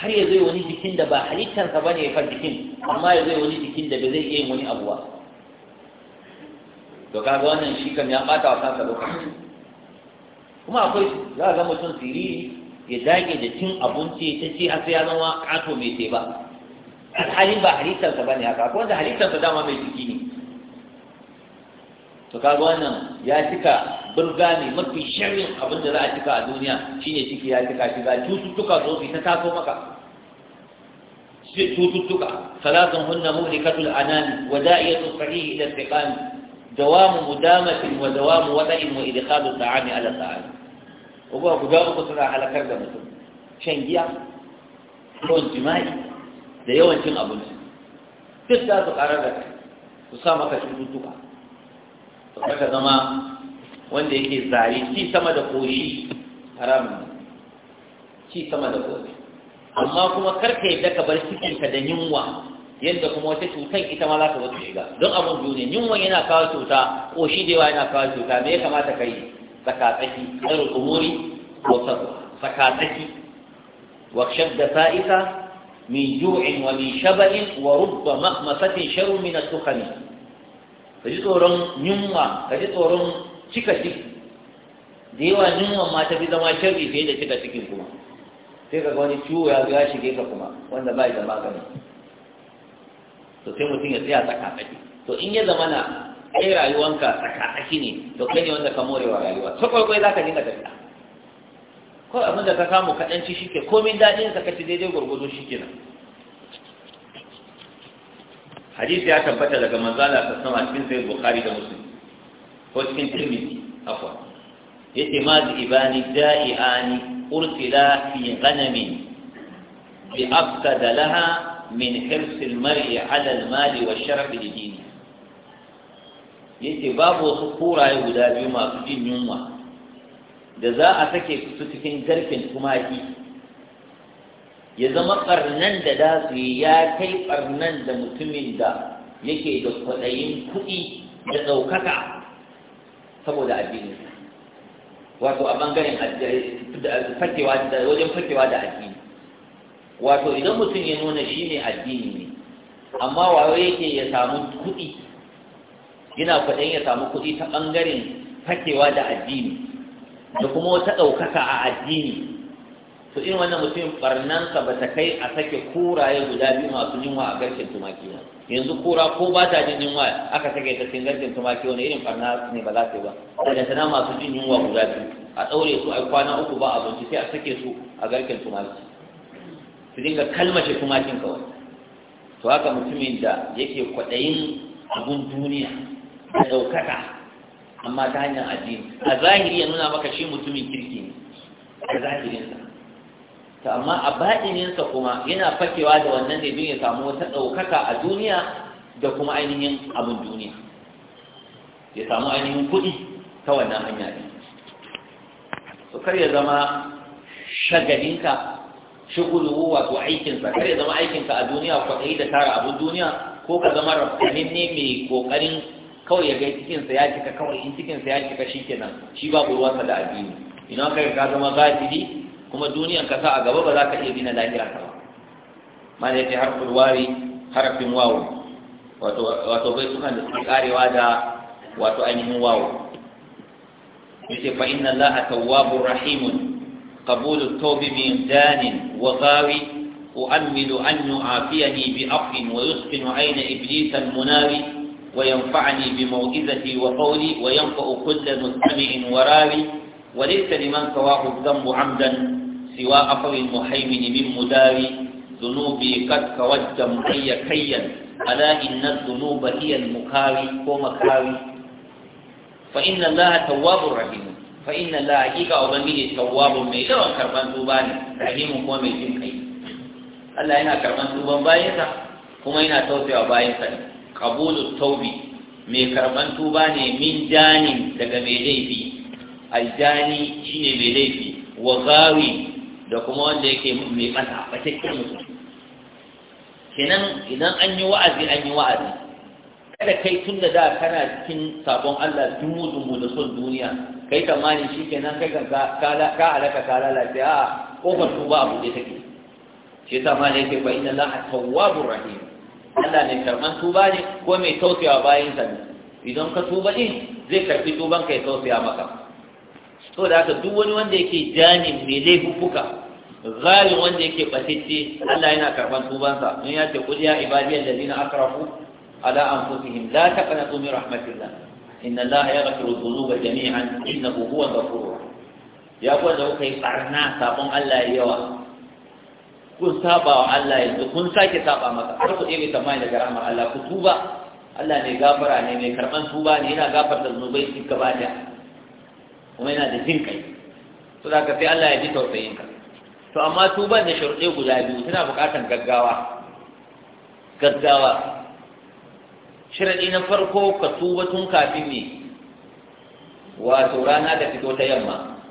kar ya zai wani jikin da ba halittansa ba ne ya jikin amma ya zai wani jikin da ba zai iya yin wani abu ba to kaga wannan shi kam ya ɓata wa kansa lokaci kuma akwai za a ga mutum siriri ya dage da cin abinci ta ce har sai ya zama ƙato mai sai ba alhali ba halittarsa ba ne haka ko wanda halittarsa dama mai jiki ne to kaga wannan ya cika burga ne mafi sharrin abin da za a cika a duniya shine ciki ya cika shiga cututtuka zo ta taso maka cututtuka salatun hunna muhlikatul anami wa da'iyatu sahihi ila istiqami dawamu mudamatin wa dawamu wada'in wa idkhalu ta'ami ala ta'ami uba guda uku suna halakar da mutum shan giya yawan jima'i da yawan cin abinci duk za su karar da kai su sa maka cututtuka to ka zama wanda sama da haramun sama da amma kuma karka yadda ka bar cikinka da yunwa yadda kuma wata cutar ita ma za ta wata shiga don abin biyu ne yana kawo cuta ko shi da yawa yana kawo cuta me ya kamata ka yi tsakatsaki ɗan rukumuri ko tsakatsaki wa shadda sa'isa min ju'in wa min shaba'in wa rubba mahmasatin sharu min as-sukhani ka ji tsoron yunwa ka ji tsoron cika ciki da yawa yunwan ma ta fi zama sharri fiye da cika cikin kuma sai ka wani ciwo ya ya shige ka kuma wanda bai da magani to sai mutum ya tsaya tsaka tsaki to in ya zama na kai rayuwanka tsaka tsaki ne to kai ne wanda ka morewa rayuwa To kwaikwai za ka dinga tafiya ko abin da ka samu kaɗan ci shike komin daɗin sa kaci daidai gwargwado shikenan hadisi ya tabbata daga manzala ta sama cikin sai bukhari da muslim ko cikin tirmidhi afwan yace ma ibani da'iani ursila fi ghanamin bi afsada laha min hirs al-mar'i 'ala al-mali wa babu wasu kuraye guda biyu masu jin yunwa da za a sake su cikin garkin tumaki ya zama ɓarnan da za su yi ya kai ɓarnan da mutumin da yake da kwaɗayin kuɗi da ɗaukaka saboda addininsa wato a bangaren wajen fakewa da addini wato idan mutum ya nuna shi ne addini ne amma wayo yake ya samu kuɗi yana faɗin ya samu kuɗi ta bangaren fakewa da addini da kuma wata ɗaukaka a addini to in wannan mutum barnansa ba ta kai a sake kuraye guda biyu masu yunwa a garken tumaki ba yanzu kura ko ba ta jin yunwa aka sake ta cikin garken tumaki wani irin barna ne ba za ta yi ba da tana masu jin yunwa guda biyu a ɗaure su a kwana uku ba abinci sai a sake su a garken tumaki su dinga kalmace tumakin kawai to haka mutumin da yake kwaɗayin abun duniya da ɗaukaka amma ta hanyar addini a zahiri ya nuna maka shi mutumin kirki ne a zahirinsa to amma a baɗininsa kuma yana fakewa da wannan ne don ya samu wata ɗaukaka a duniya da kuma ainihin abin duniya ya samu ainihin kuɗi ta wannan hanya ne kar ya zama shagalinka shugulu wato aikinsa kar ya zama aikinka a duniya kwaɗayi da tara abin duniya ko ka zama rafanin ne mai ƙoƙarin kawai ya ga cikinsa ya cika kawai in cikinsa ya cika shi kenan shi babu ruwansa da addini ina kai ka zama zafiri kuma duniyan ka sa a gaba ba za ka iya gina lahira ka ba ma da yake har kulwari harafin wawo wato bai suna da suke karewa da wato ainihin wawo yace fa inna allaha tawwabur rahimun qabulu tawbi min danin wa ghawi أؤمل أن يعافيني بعفو ويسكن عين إبليس المناوي وينفعني بموئزتي وقولي وينفع كل مستمع وراوي وليس لمن سواه الذنب عمدا سوى أفو المحيمن من مداري ذنوبي قد كوجت معي كيا ألا إن الذنوب هي المكاري ومكاري فإن الله تواب رحيم فإن الله حقيقة أبنيه تواب من يوم كربان توباني رحيم هو من جمعي الله إنا كربان توبان بايتا كما إنا توتي وبايتا قبول qabulu taubi كربان توباني من جاني min janin daga mai laifi aljani da kuma wanda yake mai ɓata ɓatakken mutu. kenan idan an yi wa'azi an yi wa'azi kada kai tun da da kana cikin sabon Allah dumu dumu da son duniya kai tamani shi kenan kai ka ka alaka ka lalace a kofar tuba abu da take shi ta ma ne kai fa inna Allah tawwabur rahim Allah ne karman tuba ne ko mai tausayawa bayan sa idan ka tuba din zai karbi tuban kai tausaya maka da haka duk wani wanda yake jani mai laifuka zalin wanda yake batacce Allah yana karban tubansa don ya ce qul ya ibadiyal ladina asrafu ala anfusihim la taqnatu min rahmatillah inna allaha yaghfiru dhunuba jami'an innahu huwal ghafurur rahim ya kuwa da kai tsarna sabon Allah ya yawa kun saba wa Allah yanzu kun sake saba maka. har ku ɗebe tsammani daga rahmar Allah ku tuba Allah ne gafara ne mai karɓan tuba ne yana gafarta zunubai duka ba da kuma yana da jin kai to da ka sai Allah ya ji tausayin ka to amma tuban da shurɗe guda biyu suna buƙatar gaggawa gaggawa sharaɗi na farko ka tuba tun kafin ne wato rana da fito ta yamma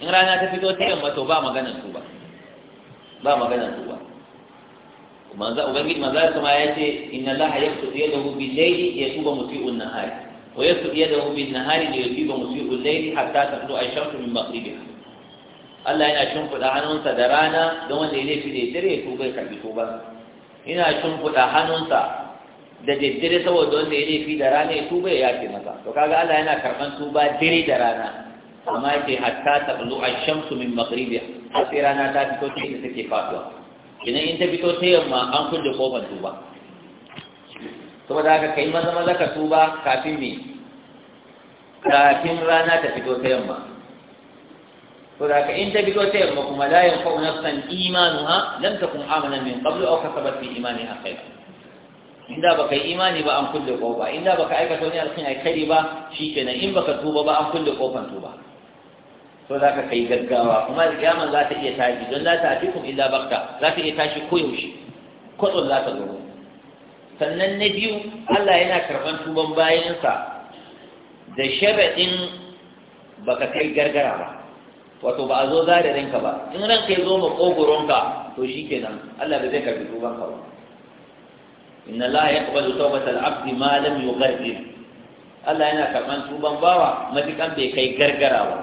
in rana ta fito ta yamma to ba maganar tuba ba maganar tuba manzo ubangiji manzo kuma yace inna allaha yaqtu yadahu bi layli yatuba muti'un nahari ويسر يده بالنهار ليصيب مسيء الليل حتى تطلع الشمس من مغربها Allah yana shimfiɗa hannunsa da rana don wanda ya laifi da ya tuba ya karɓi tuba yana shimfiɗa hannunsa da daddare saboda wanda ya laifi da rana ya tuba ya yafe masa to kaga Allah yana karɓan tuba dare da rana amma yake hatta taqlu ash-shamsu min maghribiha har sai rana ta fito ta inda take faduwa idan in ta fito ta yamma an kulle kofar tuba saboda haka kai maza maza ka tuba kafin me kafin rana ta fito ta yamma saboda haka in ta fito ta yamma kuma la yanfa'u nafsan imanuha lam takun amanan min qablu aw kasabat fi imaniha khayran inda baka yi imani ba an kulle kofa inda baka aikata wani alkin aikari ba shikenan in baka tuba ba an kulle kofan tuba to za ka kai gaggawa kuma alkiyama za ta iya tashi don za ta atikum illa bakta za ta iya tashi koyaushe kwatsam za ta zo sannan na biyu Allah yana karɓar tuban bayansa da sharaɗin ba ka kai gargara ba wato ba a zo zadarinka ba in ranka ya zo makogoronka to shi kenan Allah ba zai karɓi tubanka ba inna Allah ya kaɓa tawbatal abdi ma lam yughargir Allah yana karɓar tuban bawa matukan bai kai gargara ba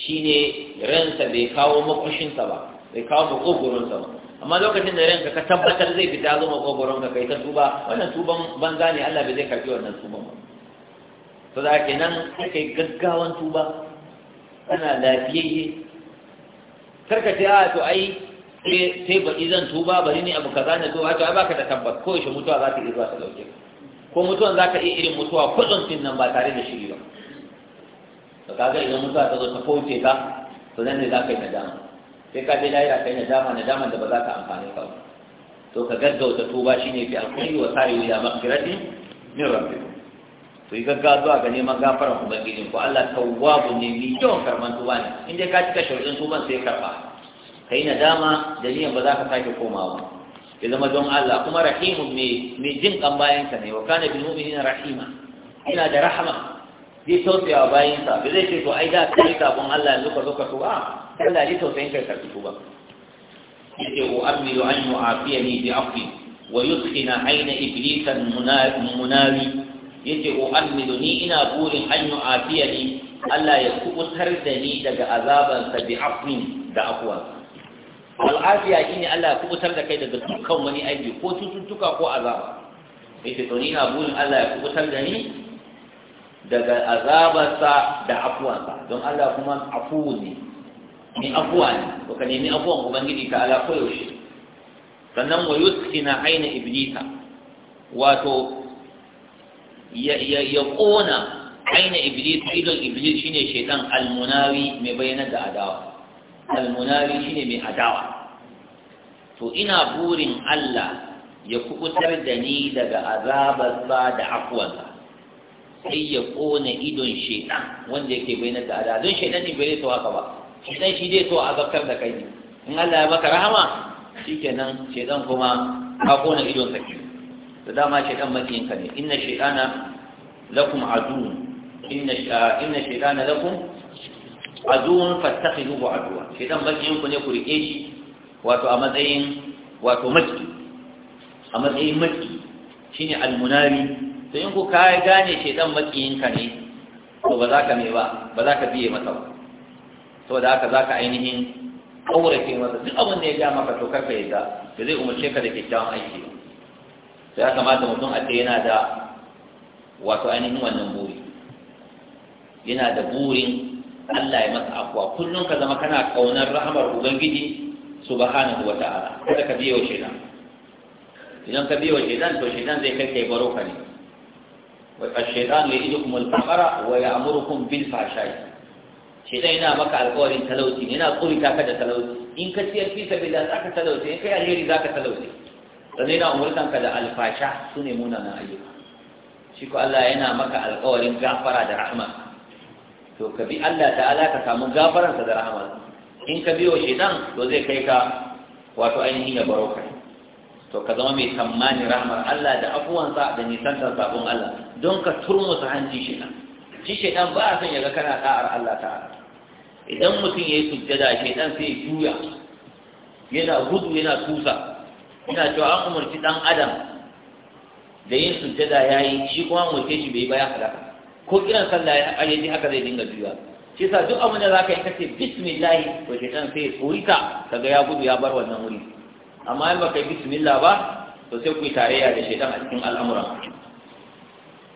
shi ne ransa bai kawo makwashinsa ba bai kawo makogoronsa ba amma lokacin da ranka ka tabbatar zai fita zo makogoron ka kai ta tuba wannan tuban banza ne Allah bai zai karbi wannan tuban ba to da nan kai gaggawan tuba kana lafiyayye karka ce a ah, to ai sai ba zan tuba bari ne abu kaza na tuba to ai baka da tabbas ko yaushe mutuwa za ta iya zuwa ta dauke ko mutuwan za ka iya irin mutuwa kudin din nan ba tare da shiri ba to kaga idan mutuwa ta zo ta kauce ka to nan ne za ka yi nadama sai ka je lahira kai nadama nadama da ba za ka amfani ka ba to ka gaggauta tuba shine fi alkhairi wa sa'i ila maghfirati min rabbikum to yi gaggawa zuwa ga neman gafaran ubangijin ko Allah tawwabu ne mai yawan karman tuba ne in dai ka cika sharuɗin tuban sai karba kai nadama da niyan ba za ka sake komawa ya zama don Allah kuma rahimun mai jin kan bayansa ne wa kana bil mu'minina rahima ina da rahama zai tausaya wa sa ba zai ce to ai da kai sabon Allah yanzu ka zo ka tuba Allah ji tausayin kai ka fito ba yace wa amilu an yu'afiyani bi afi wa yuskhina aina iblisa munawi yace wa amilu ni ina burin an yu'afiyani Allah ya kubutar da ni daga azabansa bi afin da afuwa al'afiya shine Allah ya kubutar da kai daga dukkan wani aiki ko cututtuka ko azaba yace to ni ina burin Allah ya kubutar da ni daga azabarsa da afuwansa don Allah kuma afuwu ne ni afuwa ne to ka nemi afuwan ubangiji ta ala koyaushe sannan wa yuskina aina iblisa wato ya ƙona aina iblis idon iblis shine shaitan almunawi mai bayanar da adawa almunawi shine mai adawa to ina burin Allah ya kubutar da ni daga azabarsa da afuwansa sai ya ƙona idon shaitan wanda yake bayanar da adawa don shaitan ne bai rasa waka ba shedan shi zai so a azabtar da kai in Allah ya maka rahama shikenan shedan kuma ka kona idon sa da dama shedan makiyin ka ne inna shaytana lakum aduwwun inna inna shaytana lakum aduwwun fattakhiduhu aduwwa shedan makiyin ku ne ku rike shi wato a matsayin wato maki a matsayin maki shine almunari to in ku ka gane shedan makiyin ka ne to ba za ka me ba ba za ka biye masa ba saboda haka zaka ainihin kaurace masa duk abin da ya ja maka to karka yadda da zai umarce ka da kyakkyawan aiki sai ya kamata mutum a ce yana da wato ainihin wannan buri yana da burin Allah ya masa afuwa kullum ka zama kana kaunar rahamar ubangiji subhanahu wa ta'ala kada ka biyo shaitan idan ka biyo shaitan to shaitan zai kai kai baro ka ne wa ash-shaytanu ya'idukum al-faqra wa ya'murukum bil fahsha'i shedan yana maka alƙawarin talauci Ina kurita ka da talauci in ka ciyar fi sabila za ka talauci in ka yi alheri za ka talauci sannan na umurtan ka da alfasha su ne munanan ayyuka shi ko Allah yana maka alƙawarin gafara da rahama to ka bi Allah ta'ala ka samu gafaransa da rahama in ka biyo shedan to zai kai ka wato ainihin ya baro ka to ka zama mai tsammanin rahmar Allah da afuwansa da nisantar sabon Allah don ka turmusa hanci shedan shi shedan ba a son ya ga kana da'ar Allah ta'ala idan mutum ya yi sujjada shaitan sai ya juya yana gudu yana tusa yana cewa an umarci dan adam da yin sujjada ya yi shi kuma umarce shi bai ba ya ko kiran sallah ya ji haka zai dinga juya shi sa duk abin da zaka yi kace bismillah to shaitan sai tsori ka kaga ya gudu ya bar wannan wuri amma in baka bismillah ba to sai ku tarayya da shaitan a cikin al'amuran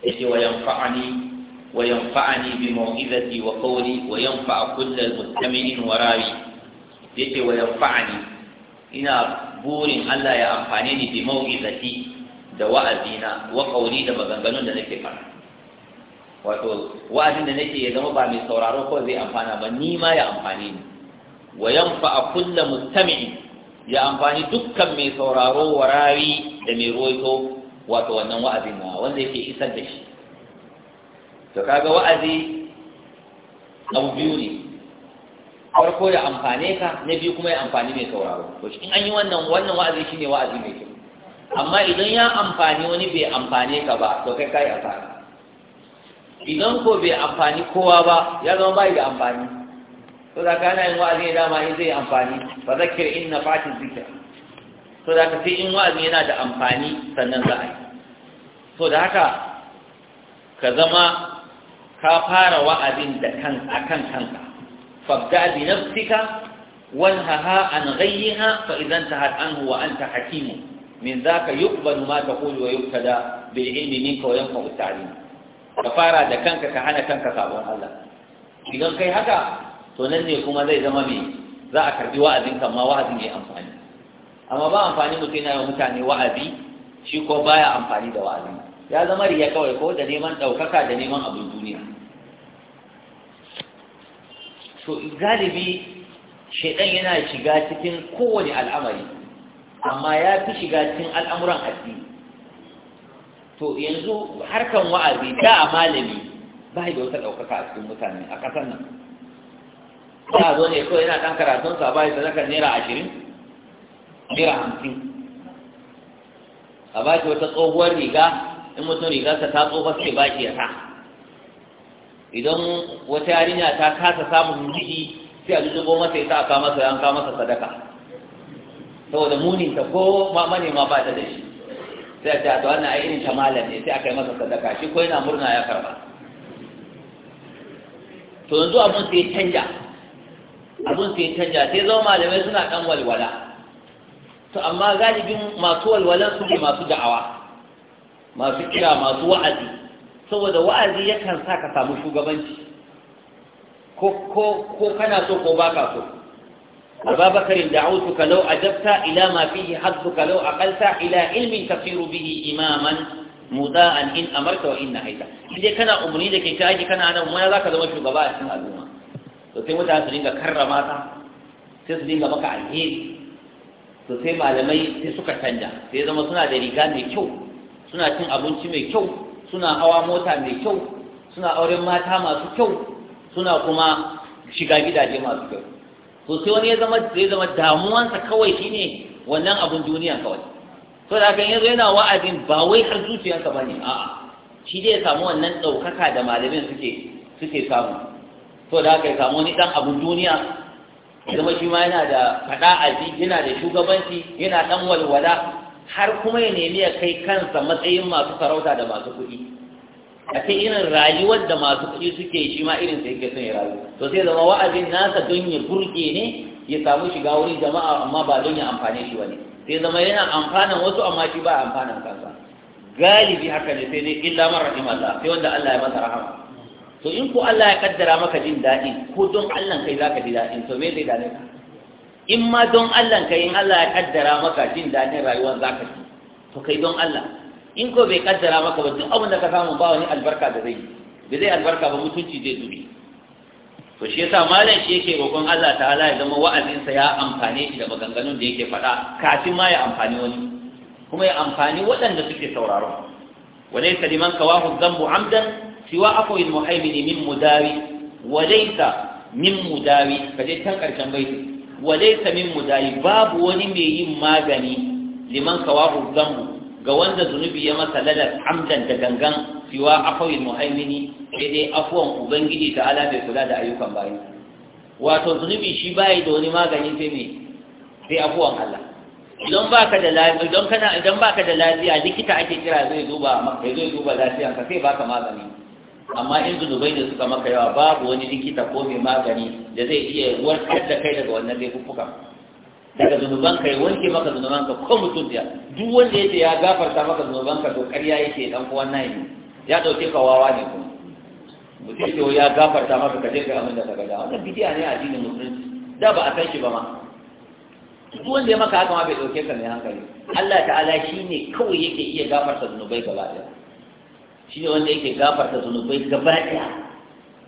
ce wa yanfa'ani وينفعني بموعظتي وقولي وينفع كل المستمع وراوي يتي وينفعني إنا بور ألا يأمفانيني بموعظتي da wa'azina wa kauli da maganganun da nake fara wato wa'azin da nake ya zama ba mai sauraro ko zai amfana ba ni ma ya amfani ni wa yanfa kulla mustami'in ya amfani dukkan mai sauraro warawi da mai roito wato wannan wa'azin na wanda yake isar da shi to kaga wa'azi abu biyu ne farko ya amfane ka na biyu kuma ya amfani mai sauraro to in an yi wannan wannan wa'azi shine wa'azi mai kyau amma idan ya amfani wani bai amfane ka ba to kai kai asara idan ko bai amfani kowa ba ya zama bai da amfani to da kana yin wa'azi dama in zai amfani fa zakir in nafati zikr to da ka sai in wa'azi yana da amfani sannan za a yi to da haka ka zama ka fara wa'azin da kan akan kanka fabda bi nafsika wanhaha an ghayyiha fa idan tahat anhu wa anta hakim min zaka yuqbalu ma taqulu wa yuktada bil ilmi minka wa yanfa'u ta'lim ka fara da kanka ka hana kanka sabon Allah idan kai haka to nan ne kuma zai zama me za a karbi wa'azin kan ma wa'azin ya amfani amma ba amfani mutum yana mutane wa'azi shi ko baya amfani da wa'azin. ya zama riya kawai ko da neman ɗaukaka da neman abin duniya so galibi shaidan yana shiga cikin kowane al'amari amma ya fi shiga cikin al'amuran addini to yanzu harkan wa'azi da a malami ba da wata ɗaukaka a cikin mutane a ƙasar nan ba zo ne ko yana ɗan karatunsa ba ya sadakar naira ashirin naira hamsin a ba shi wata tsohuwar riga in mutum rigarsa ta tsofa suke baki ya sa idan wata yarinya ta kasa samun miji sai a zubo masa ya sa a kama masa an kama masa sadaka saboda ta ko manema ba ta da shi sai a ce a wannan ai irin tamala malam ne sai a kai masa sadaka shi ko yana murna ya karba to yanzu abun sai canja abun sai canja sai zama malamai suna dan walwala to amma galibin masu walwalan su ne masu da'awa masu kira masu wa'azi saboda wa'azi yakan sa ka samu shugabanci ko kana so ko baka so ababakarin da autu ka lau ajabta ila ma fihi haddu ka lau aqalta ila ilmin tasiru bihi imaman muda'an in amarta wa inna haita idan kana umarni da ke kaji kana nan mu za ka zama shugaba a cikin al'umma to sai mutane su dinga karrama ta sai su dinga maka alheri to sai malamai sai suka canja sai zama suna da riga mai kyau suna cin abinci mai kyau suna hawa mota mai kyau suna auren mata masu kyau suna kuma shiga gidaje masu kyau to sai wani ya zama zai zama damuwansa kawai shine wannan abun duniya kawai to da kan yanzu yana wa'adin ba wai har zuciyarsa ne. a'a shi dai ya samu wannan ɗaukaka da malamin suke suke samu to da kai samu wani dan abun duniya zama shi ma yana da faɗa aji yana da shugabanci yana ɗan walwala har kuma ya nemi ya kai kansa matsayin masu sarauta da masu kuɗi a ce irin rayuwar da masu kuɗi suke shi ma irin sai ke son ya rayu to sai zama wa'azin nasa don ya burge ne ya samu shiga wurin jama'a amma ba don ya amfane shi wani sai zama yana amfanan wasu amma shi ba amfanan kansa galibi haka ne sai dai illa man rahim Allah sai wanda Allah ya masa rahama to in ko Allah ya kaddara maka jin daɗi ko don Allah kai zaka ji daɗi to me zai dane ka in ma don Allah ka in Allah ya kaddara maka jin daɗin rayuwar zaka ci to kai don Allah in ko bai kaddara maka ba duk abin da ka samu ba wani albarka da zai bai zai albarka ba mutunci zai dubi to shi yasa malam shi yake roƙon Allah ta'ala ya zama wa'azinsa ya amfane shi da maganganun da yake faɗa kafin ma ya amfani wani kuma ya amfani waɗanda suke sauraro وليس لمن كواه الذنب عمدا سوى عفو المهيمن من مداوي وليس من مداوي فجئت تنقر جنبيتي walaysa min mudayi babu wani mai yin magani liman kawahu zambu ga wanda zunubi ya masa ladar hamdan da gangan siwa afawil muhaimini sai dai afuwan ubangiji ta ala bai kula da ayyukan bayan. wato zunubi shi bayi da wani magani sai mai, sai afuwan Allah idan baka da lafiya idan kana idan baka da lafiya likita ake kira zai duba zai duba lafiyanka sai baka magani amma in zunubai da suka maka yawa babu wani likita ko mai magani da zai iya warkar da kai daga wannan laifuffukan daga zunuban ka ya wanke maka zunuban ka ko mutum da duk wanda yake ya gafarta maka zunuban ka to ƙarya yake dan uwan nayi ya dauke ka wawa ne ku. mutum ke ya gafarta maka ka je ka amin da ka ga wannan bidiya ne a addinin musulunci da ba a san shi ba ma duk wanda ya maka haka ma bai dauke ka mai hankali Allah ta'ala shine kawai yake iya gafarta zunubai gaba ɗaya shi ne wanda yake gafarta zunubai gaba ɗaya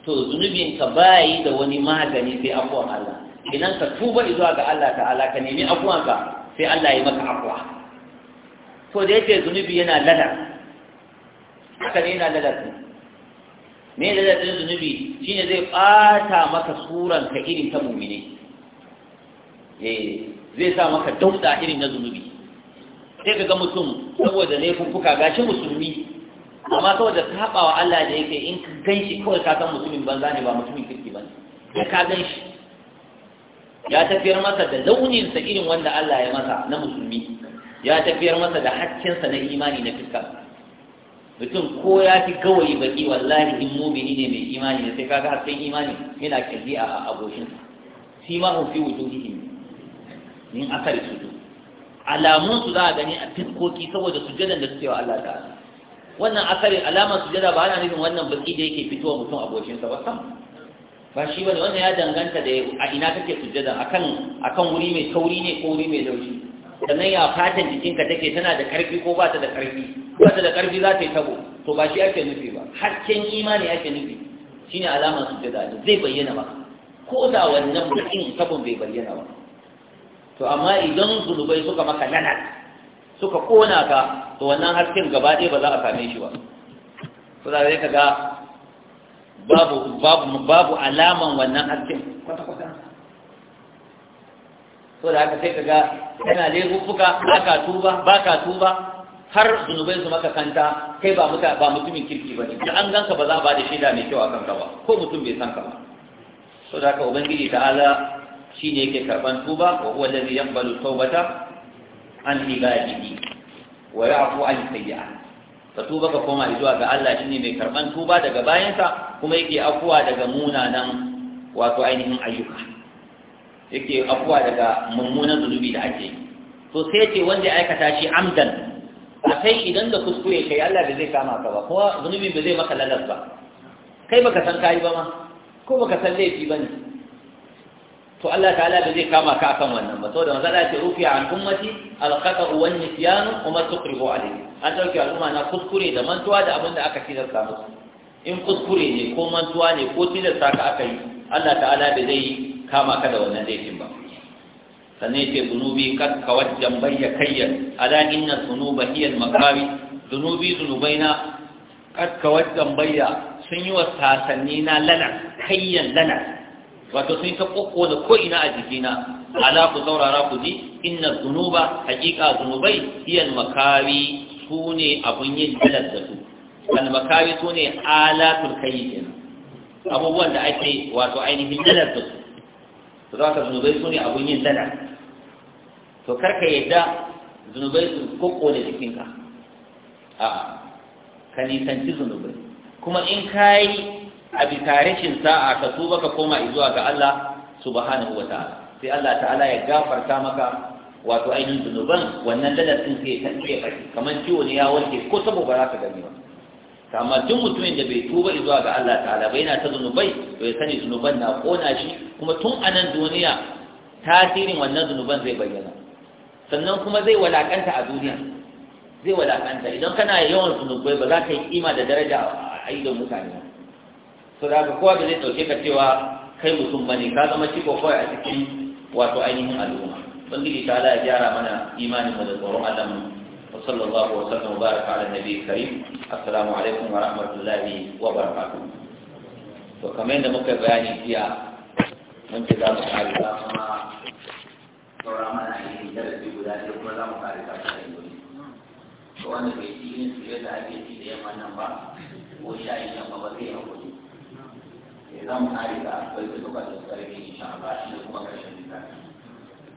to zunubin ka bayi da wani magani sai afuwa Allah idan ka tuba zuwa ga Allah ta'ala ka nemi afuwan ka sai Allah ya maka afuwa to da yake zunubi yana ladar haka ne yana ladar ne me ladar din zunubi shine zai ɓata maka suran ka irin ta mumine eh zai sa maka dauda irin na zunubi sai ka ga mutum saboda laifuffuka gashi musulmi amma saboda wa Allah da yake in ka ganshi kawai ka san mutumin banza ne ba mutumin kirki ba ne ka shi. ya tafiyar masa da launin sa irin wanda Allah ya masa na musulmi ya tafiyar masa da haƙƙin na imani na fiska mutum ko ya fi gawayi baki wallahi in mumini ne mai imani ne sai kaga hasken imani yana kirji a abokinsa shi ma hun fi wujuhihim min su su alamun su za a gani a fiskoki saboda sujadan da suke wa Allah ta'ala wannan asarin alamar sujada ba ana nufin wannan baki da yake fitowa mutum abokinsa ba sam ba shi bane wannan ya danganta da a ina kake sujada akan akan wuri mai kauri ne ko wuri mai laushi sannan ya fatan jikinka take tana da karfi ko ba ta da karfi ba ta da karfi za ta yi tabo to ba shi ake nufi ba hasken imani ake nufi shine alamar sujada zai bayyana ba ko da wannan bakin tabon bai bayyana ba to amma idan zulubai suka maka lanat suka kona ka to wannan hasken gaba ɗaya ba za a same shi ba ko za ka ga babu babu babu alaman wannan hasken So da haka sai ka ga kana laifuka ba ka tuba ba ka tuba har zunubai su maka kanta kai ba muta ba mutumin kirki ba da an ganka ba za a ba da shaida mai kyau a kanka ba ko mutum bai san ka ba so da haka ubangiji ta'ala shine yake karban tuba wa huwa allazi yaqbalu tawbata an ibadihi wa ya'fu an sayyi'at ka tuba ka koma zuwa ga Allah shine mai karban tuba daga bayansa kuma yake afuwa daga munanan wato ainihin ayyuka yake afuwa daga mummunan zunubi da ake to sai ce wanda ya aikata shi amdan akai idan da kuskure kai Allah da zai kama ka ba kuma zunubin ba zai maka lalas ba kai baka san kai ba ma ko baka san laifi ba ne to Allah ta'ala ba zai kama ka akan wannan ba saboda manzala ce rufi an ummati alqata wa nisyanu kuma ma tuqrihu alayhi an dauke al'umma na kuskure da mantuwa da abin da aka tilasta musu in kuskure ne ko mantuwa ne ko sa ka aka yi Allah ta'ala ba zai kama ka da wannan laifin ba sannan ce zunubi kad kawat bayya kayyan ala inna zunuba hiya al-maqawi zunubi zunubaina kad kawat bayya, sun yi wa sasanni na lana kayyan lana wato sun ta kokko da ko ina a jikina ala ku saurara ku ji inna zunuba haqiqa zunubai hiya makari ne abun yin dalar da su al makari sune alatul kayyin abubuwan da ake wato ainihin dalar da su to za ka zunubai ne abun yin dalar to karka yadda zunubai su kokko da jikinka a'a ka nisanci zunubai kuma in ka yi. a bisa rashin sa'a ka tuba ka koma zuwa ga Allah subhanahu wa ta'ala sai Allah ta'ala ya gafarta maka wato ainihin zunuban wannan lalatin sai ya tafi ya kamar ciwo ne ya warke ko saboda ba za ka gani ba kama duk mutumin da bai tuba zuwa ga Allah ta'ala bai yana ta zunubai bai sani zunuban na kona shi kuma tun a nan duniya tasirin wannan zunuban zai bayyana sannan kuma zai walakanta a duniya zai walakanta idan kana yawan zunubai ba za ka yi kima da daraja a idon mutane ba so da kowa da zai ɗauke ka cewa kai mutum bane ka zama ciko kawai a cikin wato ainihin al'umma ubangiji ta ala ya gyara mana imanin mu da tsoron Allah mu wa sallallahu wa sallam wa baraka ala nabi karim assalamu alaikum wa rahmatullahi wa barakatuh to kamar yadda muka bayani jiya mun ce za mu kare ta kuma tsoron mana yin darasi guda ɗaya kuma za mu kare ta da yanzu to wanda bai ci yin su yadda ake ci da yamma nan ba ko sha'in yamma ba zai hakuri zan yi da akwai da suka da sarki insha Allah shi kuma karshen littafi